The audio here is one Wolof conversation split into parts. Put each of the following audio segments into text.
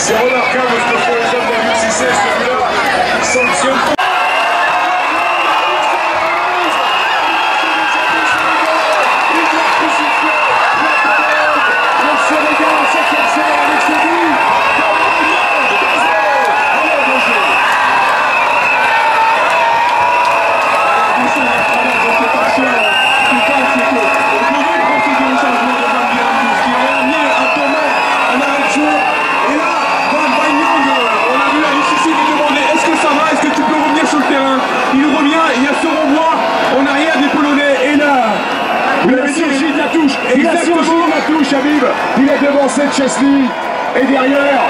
Según las cámaras, esto fue el top de 2016. la touche, Habib. Il est devancé de Chesley. Et derrière,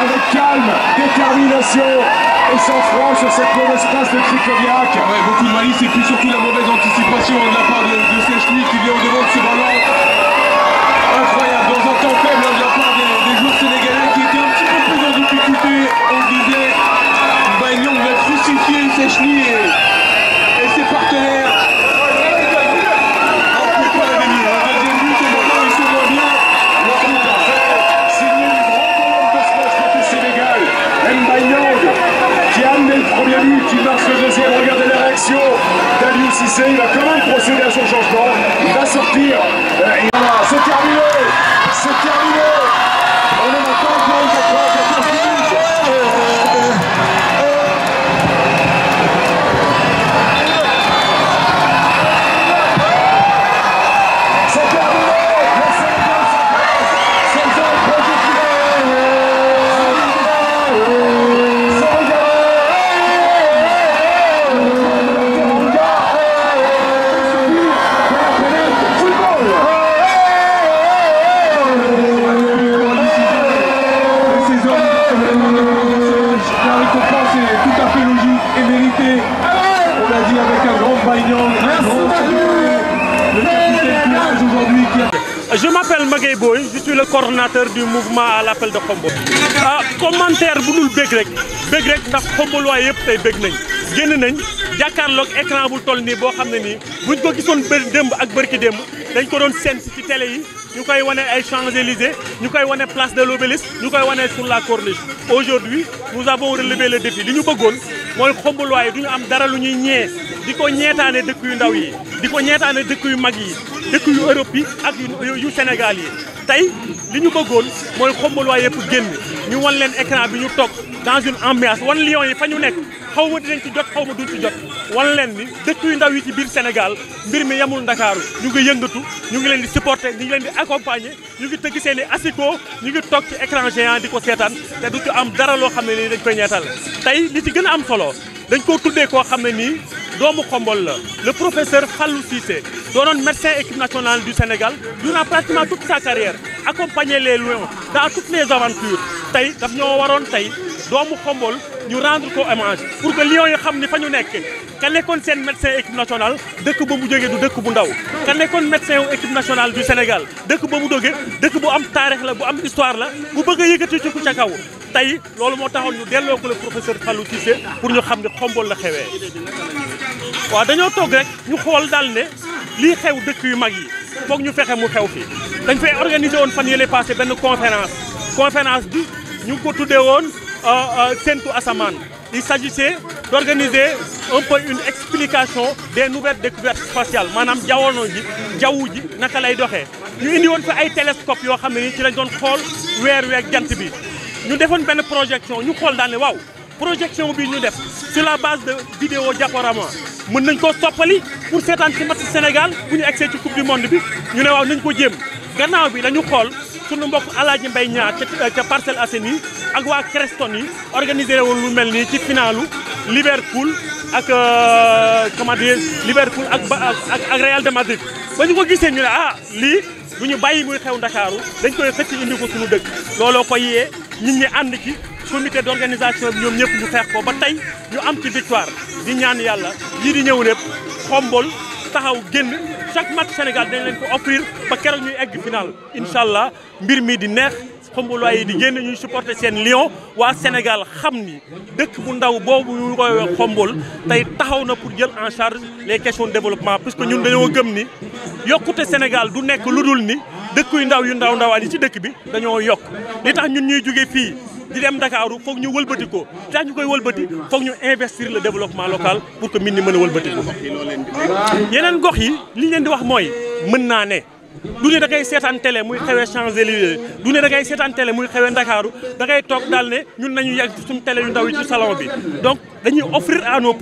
avec calme, détermination et sang-froid sur cette mauvaise de Krikoviak. Ouais, beaucoup de malice et puis surtout la mauvaise anticipation de la part de, de Chesley qui vient au-devant de ce ballon. Incroyable, dans un temps Cissé, il va quand même procéder à son changement. Il va sortir. Euh, et... Je m'appelle Magay Boy, je suis le coordonnateur du mouvement à l'appel de Khombol. Ah, commentaire bu dul bëgg rek bëgg rek ndax Khombolois yëpp tey bëgg nañ génn nañ jàkkaarloog écran bu toll nii boo xam ne bu buñ ko gisoon bër démb ak bërki démb dañ ko doon séntu ci télé yi ñu koy wane ay Champs-Élysées ñu koy wane place de l'Obélisque ñu koy wane sur la corniche aujourd'hui nous avons relevé le défi li ñu bëggoon mooy xombaluwaay du ñu am dara lu ñuy ñee di ko ñeetaane dëkk yu ndaw yi di ko ñeetaane dëkk yu mag yi dëkk yu Europe yi ak yu Sénégal yi tey li ñu bëggoon mooy xombaluwaay yëpp génn ñu wan leen écran bi ñu toog dans une ambiance wan lion yi fa ñu xaw ma dinañ ci jot xaw ma duñ ci jot wan leen ni dëkk yu ndaw yi ci biir Sénégal mbir mi yamul Ndakaaru ñu ngi yëngatu ñu ngi leen di supporter ñu ngi leen di accompagner ñu ngi tëgg seen i asiko ñu ngi toog ci écran di ko seetaan te du ci am dara loo xam ne nii dañ koy ñeetal tey li ci gën a am solo dañ koo tuddee koo xam ne nii doomu xombol la le professeur Fallou Cissé doonoon médecin équipe nationale du Sénégal durant pratiquement toute sa carrière accompagner les Lions dans toutes les aventures tey daf ñoo waroon tey doomu xombol ñu rendre ko hommage pour que lions yi xam ni fa ñu nekk ka nekkoon seen médecin équipe nationale dëkk ba mu jógee du dëkk bu ndaw ka nekkoon médecin wu équipe nationale du Sénégal dëkk ba mu jógee dëkk bu am taarix la bu am histoire la bu bëgg a yëkkati ci ku ca kaw tey loolu moo taxoon ñu delloo ko le professeur Fallou Cissé pour ñu xam ne xombol la xewee waaw dañoo toog rek ñu xool dal ne lii xew dëkk yu mag yi foog ñu fexe mu xew fi dañ fay organiser woon fan yële passé benn conférence conférence bi ñu ko tuddee woon Euh, euh, Sentu Asaman. di s'agissait d'organiser un peu une explication des nouvelles découvertes spatiales maanaam jawwono ji jaww ji naka lay doxee ñu indi woon fi ay télescope yoo xam ne ci lañ doon xool weer week jant bi ñu defoon benn projection ñu xool daal ne waaw projection bi ñu def sur la base de vidéo diaporama mën nañ koo soppali pour seetaan ci match Sénégal bu ñu egsee ci coupe du monde bi ñu ne waaw nañ ko jéem gannaaw bi la xool sunu mbokk Alaaji Mbay ñaar ca ca Parcelles Assainies ak waa Creston yi organisé woon lu mel nii ci finalu Liverpool ak euh, comment dire Liverpool ak ak ak Real de Madrid ba ñu ko gisee ñu ne ah lii bu ñu bàyyi muy xew Ndakaaru dañ koy xëcc indi ko sunu dëkk looloo ko yee ñit ñi ànd ci comité d'organisation bi ñoom ñëpp ñu xeex ko ba tey ñu am ci victoire di ñaan yàlla yii di ñëw xombol taxaw génn chaque match Sénégal dañ leen ko offrir ba keroog ñuy egg final incha allah mbir mi di neex xambaluwaay yi di génn ñuy supporter seen Lion waa Sénégal xam ni dëkk bu ndaw boobu ñu koy xombol tey taxaw na pour jël en charge les questions développement parce que ñun dañoo gëm ni yokkute Sénégal du nekk lu dul ni dëkk yu ndaw yu ndaw ndawaan yi ci dëkk bi dañoo yokk li tax ñun ñuy jóge fii di dem Ndakaaru foog ñu wëlbati ko tax ñu koy wëlbati foog ñu investir le développement local pour que Mbindy mën a wëlbati ko yeneen gox yi li leen di wax mooy mën naa ne du ne da ngay seetaan télé muy xewee Champs-Élysées du ne da seetaan télé muy xewee Ndakaaru da toog daal ne ñun ñu yàgg suñu télé yu ndaw yi ci salon bi donc dañuy offrir à nos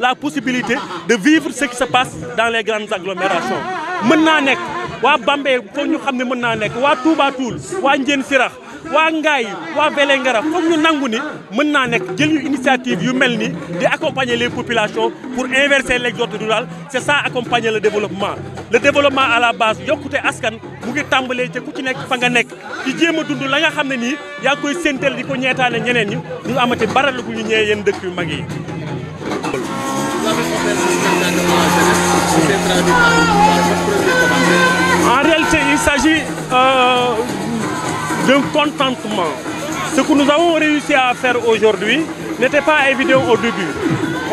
la possibilité de vivre ce qui se passe dans les grandes agglomérations mën naa nekk waa Bambey foog ñu xam ne mën naa nekk waa Touba Toul waa Ndiène Sirax waa Ngaay waa Vélingara foog ñu nangu ni mën naa nekk jël ñu initiative yu mel ni di accompagner les populations pour inverser l'exode rural c'est ça accompagner le développement le développement à la base yokkute askan mu ngi tàmbalee ca ku ci nekk fa nga nekk di jéem a dund la nga xam ne nii yaa koy séntal di ko ñeetaane ñeneen ñi ñu amati baral gu ñu ñëwee yéen dëkk yu mag yi d'un contentement. Ce que nous avons réussi à faire aujourd'hui n'était pas évident au début.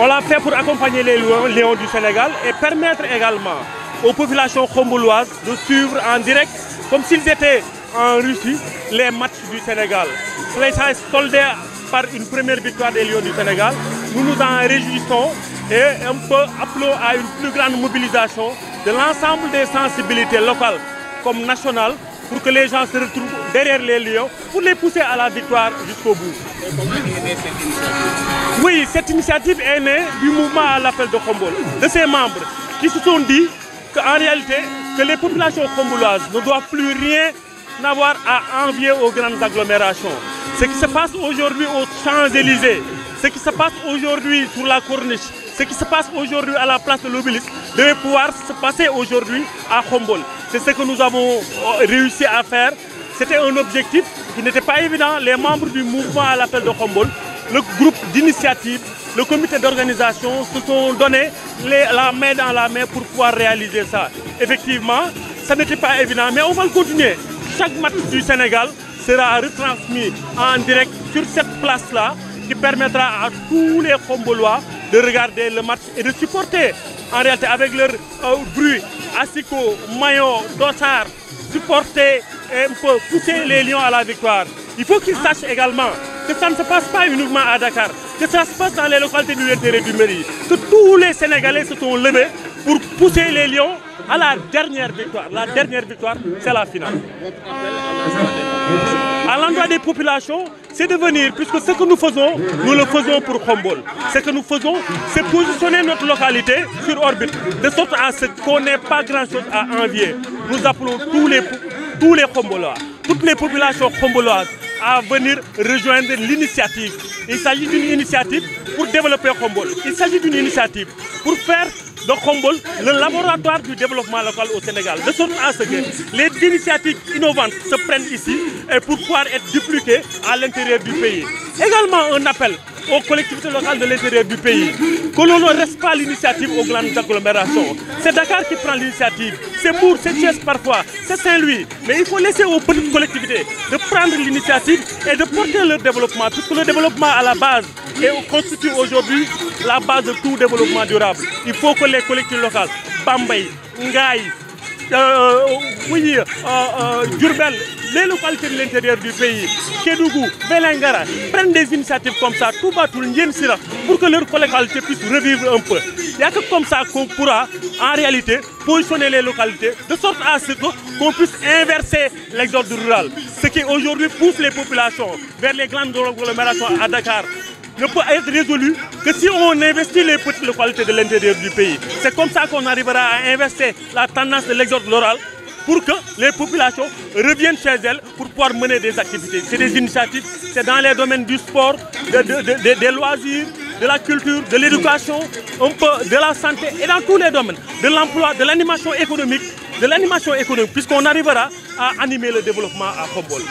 On l'a fait pour accompagner les Lions du Sénégal et permettre également aux populations khomboloises de suivre en direct, comme s'ils étaient en Russie, les matchs du Sénégal. Cela s'est soldé par une première victoire des Lions du Sénégal. Nous nous en réjouissons et un appelons à une plus grande mobilisation de l'ensemble des sensibilités locales comme nationales pour que les gens se retrouvent derrière les Lions pour les pousser à la victoire jusqu'au bout. Oui, cette initiative est née du mouvement à l'appel de Khombol, de ses membres qui se sont dit qu'en réalité, que les populations khomboloises ne doivent plus rien avoir à envier aux grandes agglomérations. Ce qui se passe aujourd'hui aux champs ce qui se passe aujourd'hui sur la Corniche, ce qui se passe aujourd'hui à la place de l'Obélisque devait pouvoir se passer C'est ce que nous avons euh, réussi à faire. C'était un objectif qui n'était pas évident. Les membres du mouvement à l'appel de Khombol, le groupe d'initiative, le comité d'organisation se sont donnés la main dans la main pour pouvoir réaliser ça. Effectivement, ça n'était pas évident, mais on va le continuer. Chaque match du Sénégal sera retransmis en direct sur cette place-là qui permettra à tous les Khombolois de regarder le match et de supporter en Asiko, maillot, dossard, supporter un peu, pousser les à la victoire. Il faut qu'ils sachent également que ça ne se uniquement à Dakar, que ça se passe dans les du l'intérêt du mairie, que tous les Sénégalais se sont levés pour pousser les Lions à la dernière victoire. La c'est la finale. À l'endroit des populations, c'est de venir, puisque ce que nous faisons, nous le faisons pour Khombol. Ce que nous faisons, c'est positionner notre localité sur orbite, de sorte à ce qu'on n'ait pas grand-chose à envier. Nous appelons tous les, tous toutes les populations à venir rejoindre l'initiative. Il s'agit d'une initiative pour développer Khombol. Il s'agit d'une initiative pour faire de Khombol le laboratoire du développement local au Sénégal. De sorte à ce que les initiatives innovantes se prennent ici et pour pouvoir être dupliquées à l'intérieur du pays. Également un appel aux collectivités locales de l'intérieur du pays. Que l'on ne reste pas l'initiative aux grandes agglomérations. C'est Dakar qui prend l'initiative, c'est Bourg, c'est Thiès parfois, c'est Saint-Louis. Mais il faut laisser aux petites collectivités de prendre l'initiative et de porter leur développement, puisque le développement à la base et constitue aujourd'hui la base de tout développement durable. Il faut que les collectivités locales, Bambay, Ngaï, euh, euh oui, les localités de l'intérieur du pays, Kédougou, Belengara, prennent des initiatives comme ça, tout bas, tout Sira, pour que leurs localités puissent revivre un peu. Il a que comme ça qu'on en réalité, positionner les localités de sorte à ce qu'on puisse inverser l'exode rural. Ce qui aujourd'hui pousse les populations vers les grandes agglomérations à Dakar ne peut être résolu que si on investit les petites localités de l'intérieur du pays. pour que les populations reviennent chez elles pour pouvoir mener des activités. C'est des initiatives, c'est dans les domaines du sport, de, de, de, des loisirs, de la culture, de l'éducation, de la santé et dans tous les domaines, de l'emploi, de l'animation économique, de l'animation économique, puisqu'on arrivera à animer le développement à Pombol.